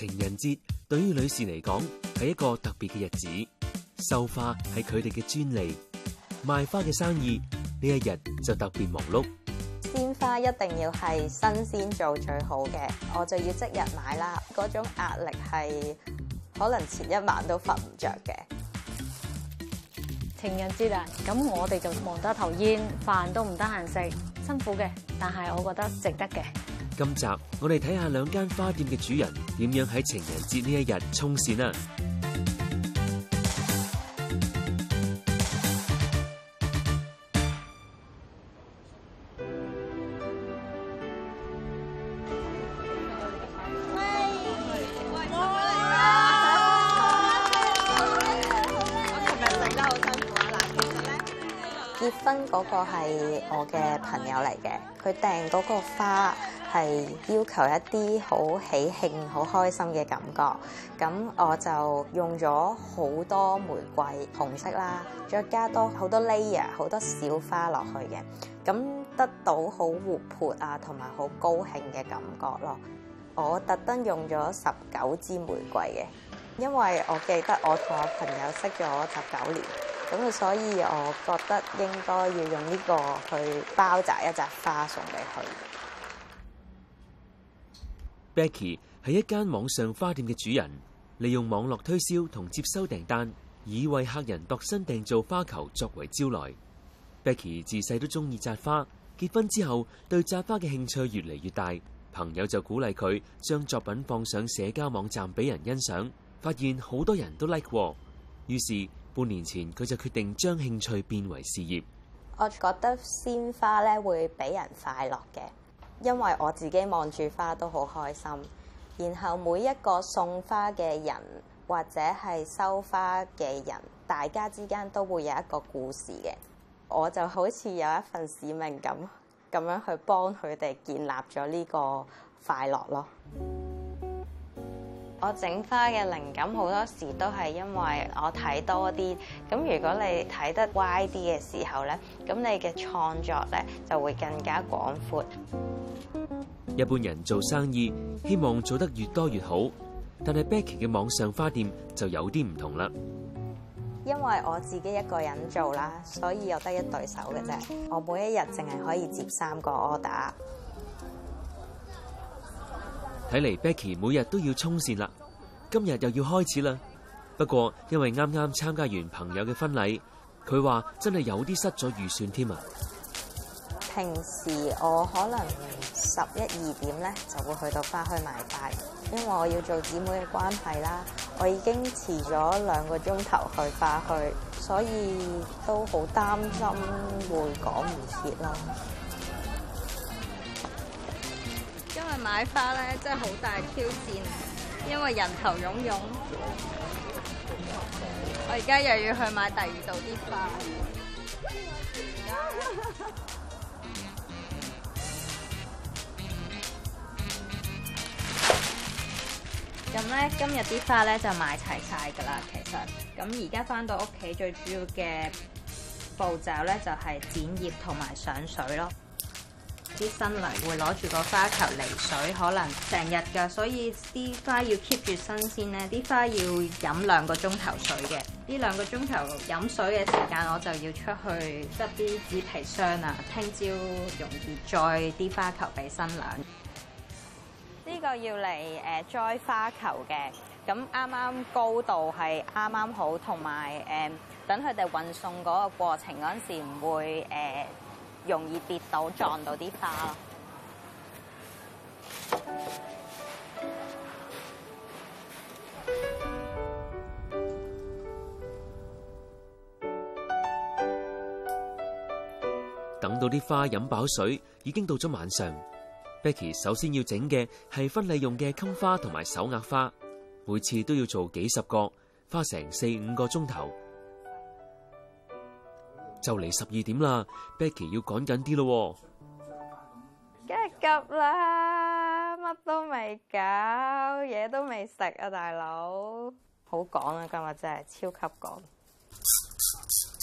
情人節對於女士嚟講係一個特別嘅日子，收花係佢哋嘅專利，賣花嘅生意呢一日就特別忙碌。鮮花一定要係新鮮做最好嘅，我就要即日買啦。嗰種壓力係可能前一晚都瞓唔着嘅。情人節啊，咁我哋就忙得頭煙，飯都唔得閒食，辛苦嘅，但係我覺得值得嘅。今集我哋睇下兩間花店嘅主人點樣喺情人節呢一日衝線啊！我今日整得好辛苦啊！結婚嗰個係我嘅朋友嚟嘅，佢訂嗰個花。係要求一啲好喜慶、好開心嘅感覺，咁我就用咗好多玫瑰紅色啦，再加多好多 layer、好多小花落去嘅，咁得到好活潑啊，同埋好高興嘅感覺咯。我特登用咗十九支玫瑰嘅，因為我記得我同我朋友識咗十九年，咁所以我覺得應該要用呢個去包紮一紮花送俾佢。Becky 係一間網上花店嘅主人，利用網絡推銷同接收訂單，以為客人度身訂造花球作為招來。Becky 自細都中意紥花，結婚之後對紥花嘅興趣越嚟越大，朋友就鼓勵佢將作品放上社交網站俾人欣賞，發現好多人都 like 喎，於是半年前佢就決定將興趣變為事業。我覺得鮮花咧會俾人快樂嘅。因為我自己望住花都好開心，然後每一個送花嘅人或者係收花嘅人，大家之間都會有一個故事嘅。我就好似有一份使命咁，咁樣去幫佢哋建立咗呢個快樂囉。我整花嘅靈感好多時都係因為我睇多啲，咁如果你睇得歪啲嘅時候呢，咁你嘅創作呢就會更加廣闊。一般人做生意希望做得越多越好，但係 Becky 嘅網上花店就有啲唔同啦。因為我自己一個人做啦，所以我得一對手嘅啫，我每一日淨係可以接三個 order。睇嚟，Becky 每日都要衝線啦，今日又要開始啦。不過，因為啱啱參加完朋友嘅婚禮，佢話真係有啲失咗預算添啊。平時我可能十一二點咧就會去到花墟買菜，因為我要做姊妹嘅關係啦。我已經遲咗兩個鐘頭去花墟，所以都好擔心會趕唔切啦。買花咧真係好大挑戰，因為人頭湧湧。我而家又要去買第二度啲花。咁 咧， 今日啲花咧就買齊晒㗎啦。其實，咁而家翻到屋企最主要嘅步驟咧，就係剪葉同埋上水咯。啲新娘會攞住個花球嚟水，可能成日㗎，所以啲花要 keep 住新鮮咧。啲花要飲兩個鐘頭水嘅，呢兩個鐘頭飲水嘅時間，我就要出去執啲紙皮箱啊，聽朝容易載啲花球俾新娘。呢、這個要嚟誒、呃、栽花球嘅，咁啱啱高度係啱啱好，同埋誒等佢哋運送嗰個過程嗰陣時唔會誒。呃容易跌倒撞到啲花。嗯，等到啲花飲飽水，已經到咗晚上。Becky 首先要整嘅係婚禮用嘅襟花同埋手壓花，每次都要做幾十個，花成四五個鐘頭。就嚟十二點啦，Becky 要趕緊啲咯，梗係急啦，乜都未搞，嘢都未食啊，大佬，好趕啊，今日真係超級趕，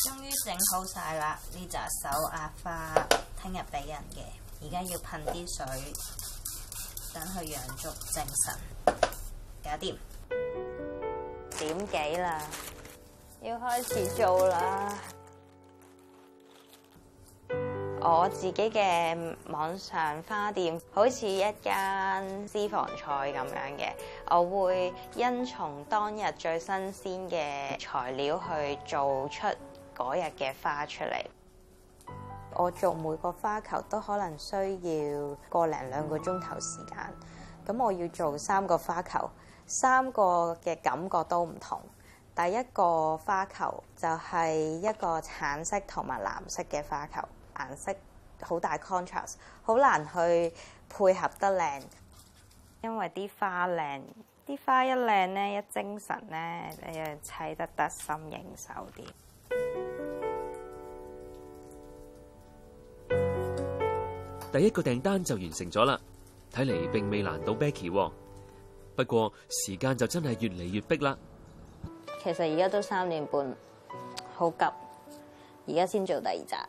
終於整好晒啦，呢紮手壓花聽日俾人嘅，而家要噴啲水，等佢養足精神，搞掂，點幾啦，要開始做啦。我自己嘅網上花店好似一間私房菜咁樣嘅，我會因從當日最新鮮嘅材料去做出嗰日嘅花出嚟。我做每個花球都可能需要個零兩個鐘頭時間，咁我要做三個花球，三個嘅感覺都唔同。第一個花球就係一個橙色同埋藍色嘅花球。顏色好大 contrast，好難去配合得靚。因為啲花靚，啲花一靚咧，一精神咧，你又砌得得心應手啲。第一個訂單就完成咗啦，睇嚟並未難到 Becky。不過時間就真係越嚟越迫啦。其實而家都三點半，好急。而家先做第二紮。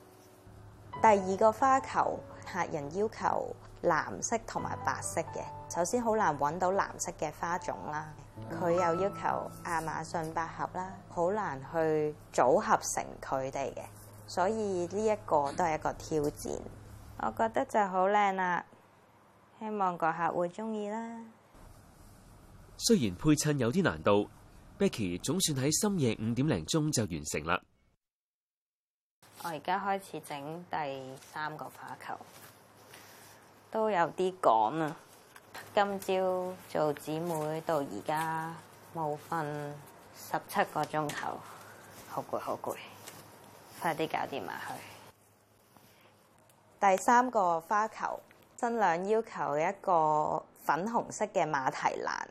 第二個花球，客人要求藍色同埋白色嘅，首先好難揾到藍色嘅花種啦，佢又要求亞馬遜百合啦，好難去組合成佢哋嘅，所以呢一個都係一個挑戰。我覺得就好靚啦，希望個客會中意啦。雖然配襯有啲難度 Becky 總算喺深夜五點零鐘就完成啦。我而家開始整第三個花球，都有啲趕啊！今朝做姊妹到而家冇瞓十七個鐘頭，好攰好攰，快啲搞掂埋去第三個花球。真量要求一個粉紅色嘅馬蹄蘭，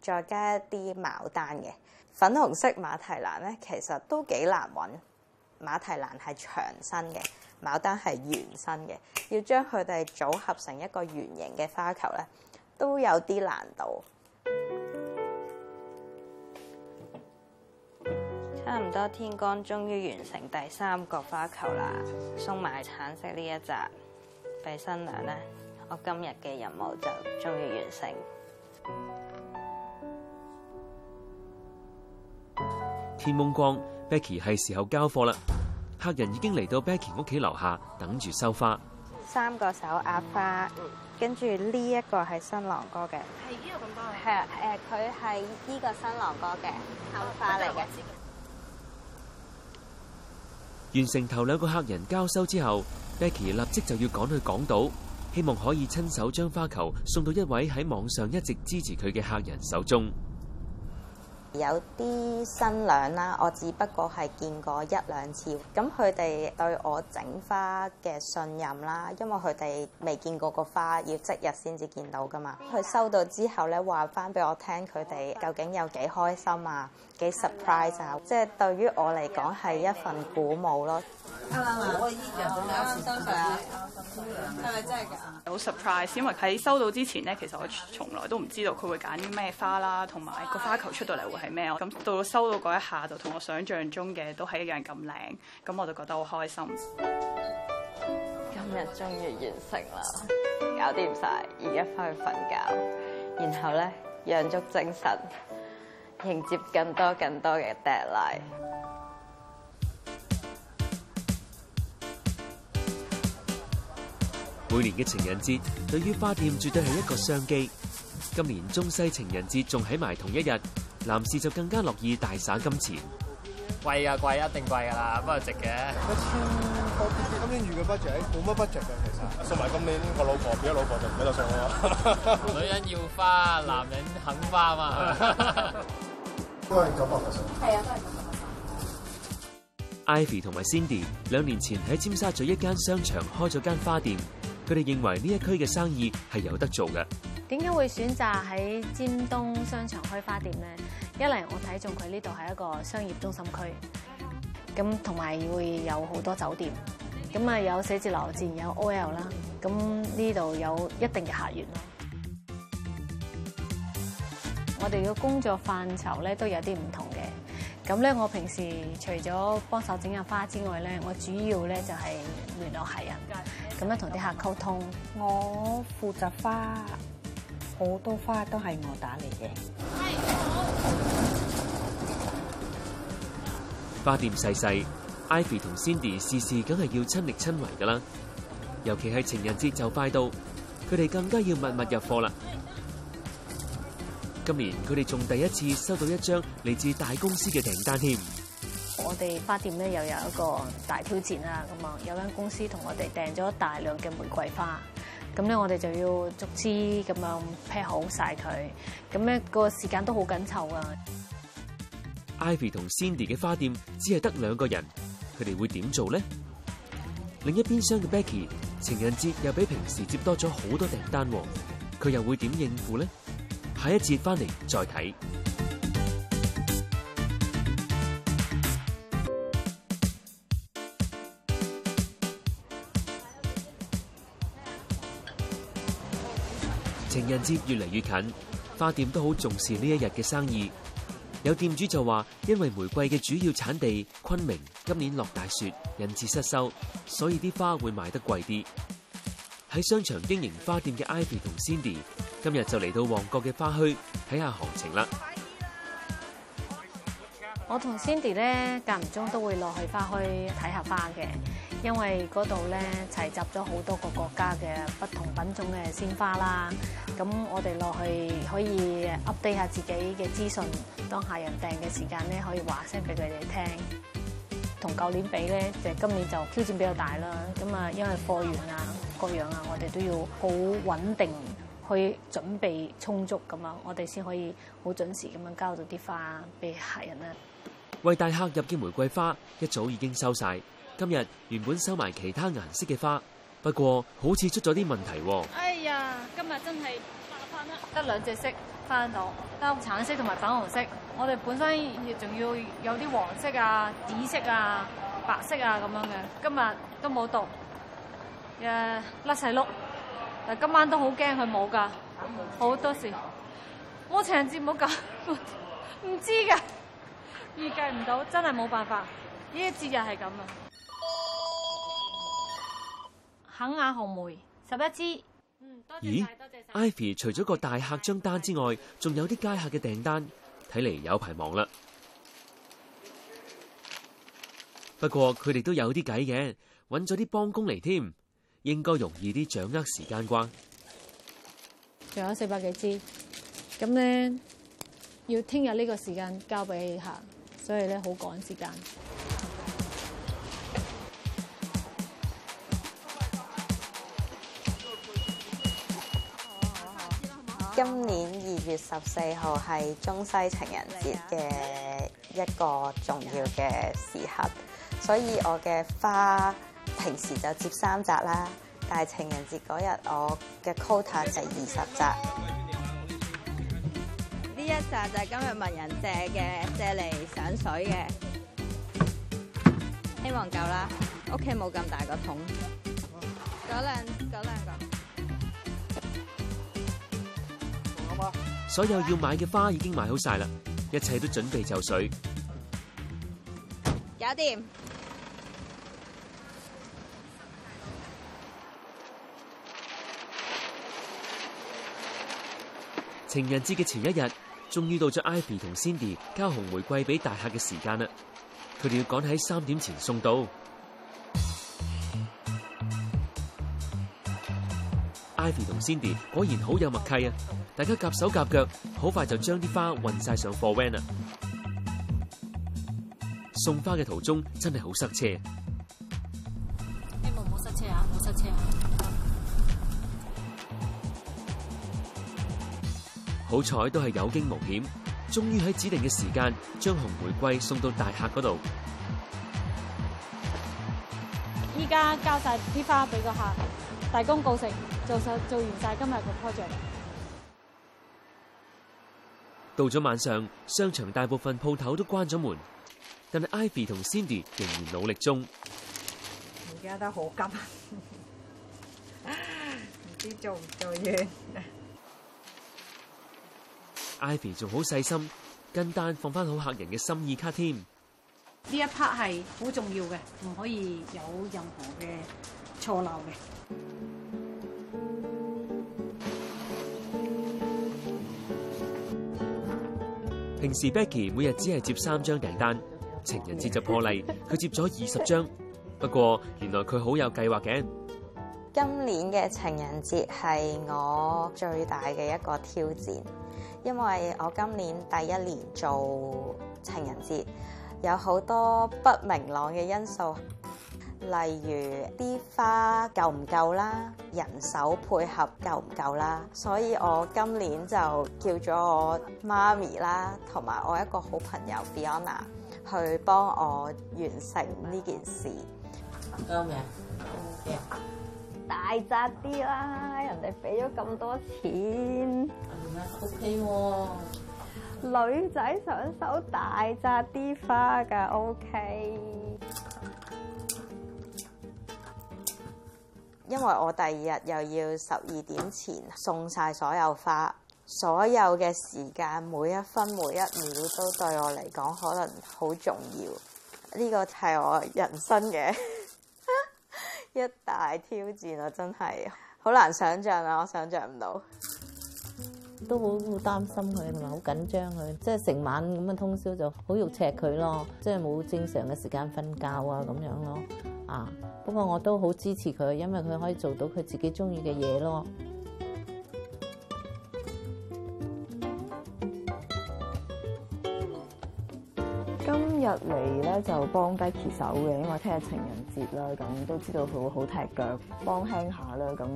再加一啲牡丹嘅粉紅色馬蹄蘭咧，其實都幾難揾。馬蹄蘭係長身嘅，牡丹係圓身嘅，要將佢哋組合成一個圓形嘅花球咧，都有啲難度。差唔多天光，終於完成第三個花球啦，送埋橙色呢一紮俾新娘咧。我今日嘅任務就終於完成。天濛光。Becky 係時候交貨啦，客人已經嚟到 Becky 屋企樓下等住收花。三個手壓花，跟住呢一個係新郎哥嘅，係呢個咁多係啊，誒，佢係呢個新郎哥嘅頭花嚟嘅。完成頭兩個客人交收之後，Becky 立即就要趕去港島，希望可以親手將花球送到一位喺網上一直支持佢嘅客人手中。有啲新娘啦，我只不過係見過一兩次，咁佢哋對我整花嘅信任啦，因為佢哋未見過個花，要即日先至見到噶嘛。佢收到之後咧，話翻俾我聽，佢哋究竟有幾開心啊，幾 surprise 啊，即係對於我嚟講係一份鼓舞咯。係、嗯、嘛？我已經收晒啦、啊，阿沈超良，係、嗯、咪、啊嗯、真係噶？好 surprise，因為喺收到之前咧，其實我從來都唔知道佢會揀啲咩花啦，同埋個花球出到嚟會係咩。咁、哎、到收到嗰一下，就同我想象中嘅都係一樣咁靚。咁我就覺得好開心。今日終於完成啦，搞掂晒，而家返去瞓覺，然後咧養足精神，迎接更多更多嘅 deadline。每年嘅情人節，對於花店絕對係一個商機。今年中西情人節仲喺埋同一日，男士就更加樂意大灑金錢貴、啊。貴啊貴，一定貴噶、啊、啦，不過值嘅、嗯。一千多啲啲，今年預嘅 budget 冇乜 budget 嘅其實。送埋今年我老婆，如果老婆就唔喺度送我。女人要花，男人肯花嘛都是。都係九百六十。啊，都、都、都、都 Ivy 同埋 Cindy 兩年前喺尖沙咀一間商場開咗間花店。佢哋認為呢一區嘅生意係有得做嘅。點解會選擇喺尖東商場開花店咧？一嚟我睇中佢呢度係一個商業中心區，咁同埋會有好多酒店，咁啊有寫字樓，自然有 OL 啦。咁呢度有一定嘅客源咯。我哋嘅工作範疇咧都有啲唔同嘅。咁咧，我平時除咗幫手整下花之外咧，我主要咧就係聯絡客人。謝謝。咁樣同啲客溝通，我負責花，好多花都係我打嚟嘅、嗯。花店細細，Ivy 同 Cindy 事事梗係要親力親為㗎啦，尤其係情人節就快到，佢哋更加要密密入貨啦。今年佢哋仲第一次收到一張嚟自大公司嘅訂單添。我哋花店咧又有一個大挑戰啦，咁啊有間公司同我哋訂咗大量嘅玫瑰花，咁咧我哋就要逐支咁樣 pack 好晒佢，咁咧個時間都好緊湊啊。Ivy 同 Cindy 嘅花店只係得兩個人，佢哋會點做咧？另一邊廂嘅 Becky 情人節又比平時接多咗好多訂單，佢又會點應付咧？下一節翻嚟再睇。情人節越嚟越近，花店都好重視呢一日嘅生意。有店主就話，因為玫瑰嘅主要產地昆明今年落大雪，引致失收，所以啲花會賣得貴啲。喺商場經營花店嘅 Ivy 同 Cindy 今日就嚟到旺角嘅花墟睇下行情啦。我同 Cindy 咧間唔中都會落去花墟睇下花嘅。因為嗰度咧齊集咗好多個國家嘅不同品種嘅鮮花啦，咁我哋落去可以 update 下自己嘅資訊，當客人訂嘅時間咧可以話聲俾佢哋聽。同舊年比咧，就係、今年就挑戰比較大啦。咁啊，因為貨源啊、各樣啊，我哋都要好穩定去準備充足咁啊，我哋先可以好準時咁樣交到啲花俾客人啦。為大客入嘅玫瑰花，一早已經收晒。今日原本收埋其他顏色嘅花，不過好似出咗啲問題。哎呀，今日真係麻煩啦，得兩隻色翻到，得橙色同埋粉紅色。我哋本身亦仲要有啲黃色啊、紫色啊、白色啊咁樣嘅，今日都冇到，誒甩晒碌。但今晚都好驚佢冇噶，好、嗯、多事、嗯。我情人節唔好咁，唔 知噶，預計唔到，真係冇辦法。呢個節日係咁啊！肯亞紅梅十一支，多謝多謝，咦？ivy 除咗個大客張單之外，仲有啲街客嘅訂單，睇、嗯、嚟，有排忙啦。不過佢哋都有啲計嘅，揾咗啲幫工嚟添，應該容易啲掌握時間啩。仲有四百幾支，咁咧要聽日呢個時間交俾客，所以咧好趕時間。今年二月十四號係中西情人節嘅一個重要嘅時刻，所以我嘅花平時就接三紮啦，但係情人節嗰日我嘅 quota 值二十紮。呢一紮就係今日問人借嘅，借嚟上水嘅，希望夠啦。屋企冇咁大個桶。嗰兩所有要買嘅花已經買好晒啦，一切都準備就緒。搞掂。情人節嘅前一日，終於到咗 Ivy 同 Cindy 交紅玫瑰俾大客嘅時間啦。佢哋要趕喺三點前送到。Ivy 同 Sandy 果然好有默契啊！大家夾手夾腳，好快就將啲花運晒上貨 van 啦。送花嘅途中真係好塞車，希望冇塞車啊！冇塞車啊！好彩都係有驚無險，終於喺指定嘅時間將紅玫瑰送到大客嗰度。依家交晒啲花俾個客。大功告成，做晒做完晒今日個 project。到咗晚上，商場大部分鋪頭都關咗門，但係 Ivy 同 Cindy 仍然努力中。而家都好急，唔知道做唔做嘢。Ivy 仲好細心，跟單放翻好客人嘅心意卡添。呢一 part 係好重要嘅，唔可以有任何嘅錯漏嘅。平時 Becky 每日只係接三張訂單，情人節就破例，佢接咗二十張。不過原來佢好有計劃嘅。今年嘅情人節係我最大嘅一個挑戰，因為我今年第一年做情人節，有好多不明朗嘅因素。例如啲花夠唔夠啦，人手配合夠唔夠啦，所以我今年就叫咗我媽咪啦，同埋我一個好朋友 Fiona 去幫我完成呢件事。媽咪 OK 大紮啲啦，人哋俾咗咁多錢，O K 喎，okay. Okay. 女仔想收大紮啲花噶，O K。Okay. 因為我第二日又要十二點前送晒所有花，所有嘅時間每一分每一秒都對我嚟講可能好重要。呢個係我人生嘅 一大挑戰啊！真係好難想像啊，我想像唔到。都好擔心佢同埋好緊張佢，即係成晚咁樣通宵就好肉赤佢咯，即係冇正常嘅時間瞓覺啊咁樣咯。啊！不過我都好支持佢，因為佢可以做到佢自己中意嘅嘢咯。今日嚟咧，就幫 Becky 手嘅，因為聽日情人節啦，咁都知道佢會好踢腳，幫輕下啦，咁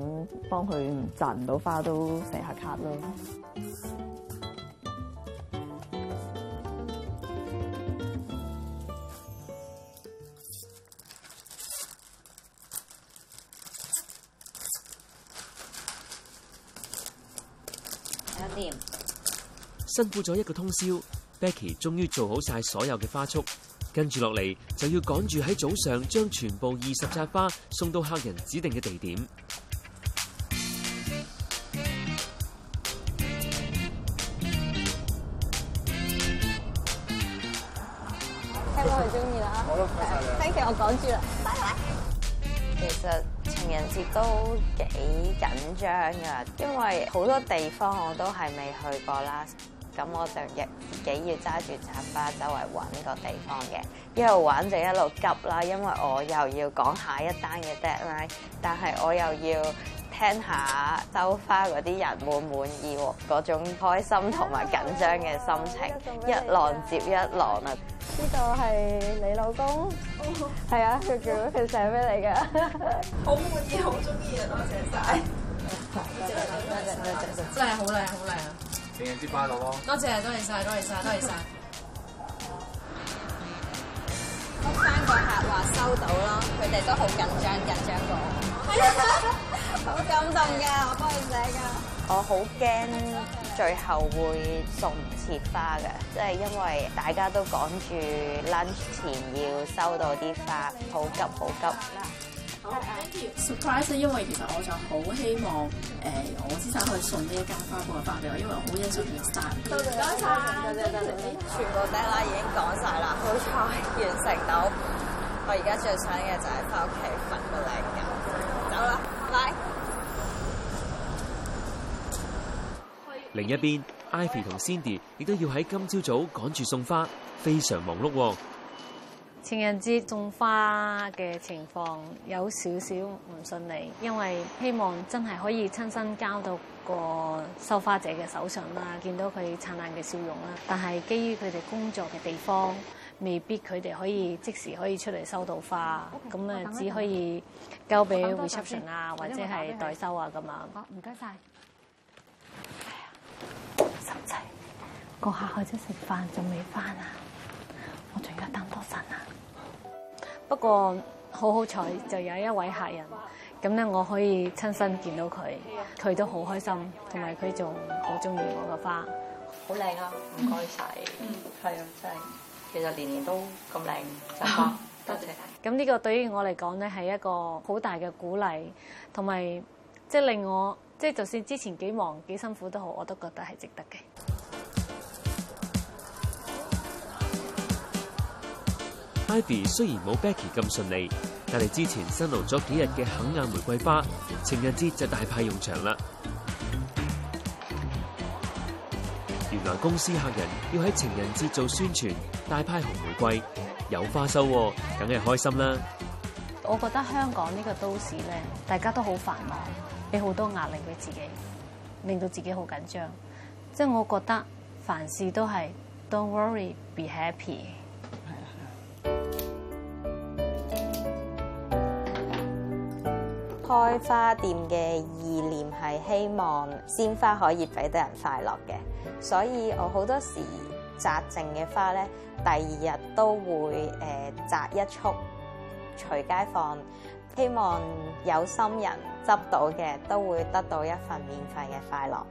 幫佢摘唔到花都寫下卡咯。辛苦咗一個通宵，Becky 終於做好晒所有嘅花束，跟住落嚟就要趕住喺早上將全部二十紮花送到客人指定嘅地點。聽講係中意啦，聽住我講住啦，拜拜。其實情人節都幾緊張㗎，因為好多地方我都係未去過啦。咁我就日幾要揸住插花周圍揾個地方嘅，一路玩就一路急啦，因為我又要講下一單嘅 deadline，但係我又要聽一下收花嗰啲人滿唔滿意喎，嗰種開心同埋緊張嘅心情，哎、一浪接一浪啊！呢度係你老公，係、哦、啊，佢叫佢寫俾你嘅，好、哦哦、 滿意，好中意啊！多謝晒，真係好靚，好靚。好情人節快樂，多謝多謝晒，多謝晒，多謝晒。三個 個客話收到咯，佢哋都好緊張緊張過，好 感動㗎，我幫佢寫㗎。我好驚最後會送唔切花嘅，即係因為大家都趕住 lunch 前要收到啲花，好急好急。很急。Thank you！surprise 因為其實我就好希望誒，我親手去送呢一間花店嘅花俾我，因為我好欣賞佢嘅 style 多謝多謝，多謝多謝多謝全部嘅啦，已經講晒啦，好彩完成，到。我而家最想嘅就係翻屋企瞓個靚覺。走啦，拜拜！另一邊，Ivy 同 Cindy 亦都要喺今朝早趕住送花，非常忙碌。情人節種花嘅情況有少少唔順利，因為希望真係可以親身交到個收花者嘅手上啦，見到佢燦爛嘅笑容啦。但係基於佢哋工作嘅地方，未必佢哋可以即時可以出嚟收到花，咁啊只可以交俾 reception 啊，或者係代收啊咁樣。好，唔該晒。哎呀，心疾，個客去咗食飯仲未返啊！我仲要等多陣啊！不過好好彩就有一位客人咁咧，噉我可以親身見到佢，佢都好開心，同埋佢仲好中意我個花，好靚啊！唔該晒，嗯，係啊，真係、啊啊，其實年年都咁靚，嚇，多謝，謝你。咁呢個對於我嚟講咧，係一個好大嘅鼓勵，同埋即係令我即係、就係、就算之前幾忙幾辛苦都好，我都覺得係值得嘅。ivy 雖然冇 becky 咁順利，但係之前辛勞咗幾日嘅肯亞玫瑰花，情人節就大派用場啦。原來公司客人要喺情人節做宣傳，大派紅玫瑰，有花收，梗係開心啦。我覺得香港呢個都市咧，大家都好繁忙，俾好多壓力俾自己，令到自己好緊張。即係我覺得凡事都係，don't worry, be happy。開花店嘅意念係希望鮮花可以俾得人快樂嘅，所以我好多時紮剩嘅花呢，第二日都會誒紮一束隨街放，希望有心人執到嘅都會得到一份免費嘅快樂。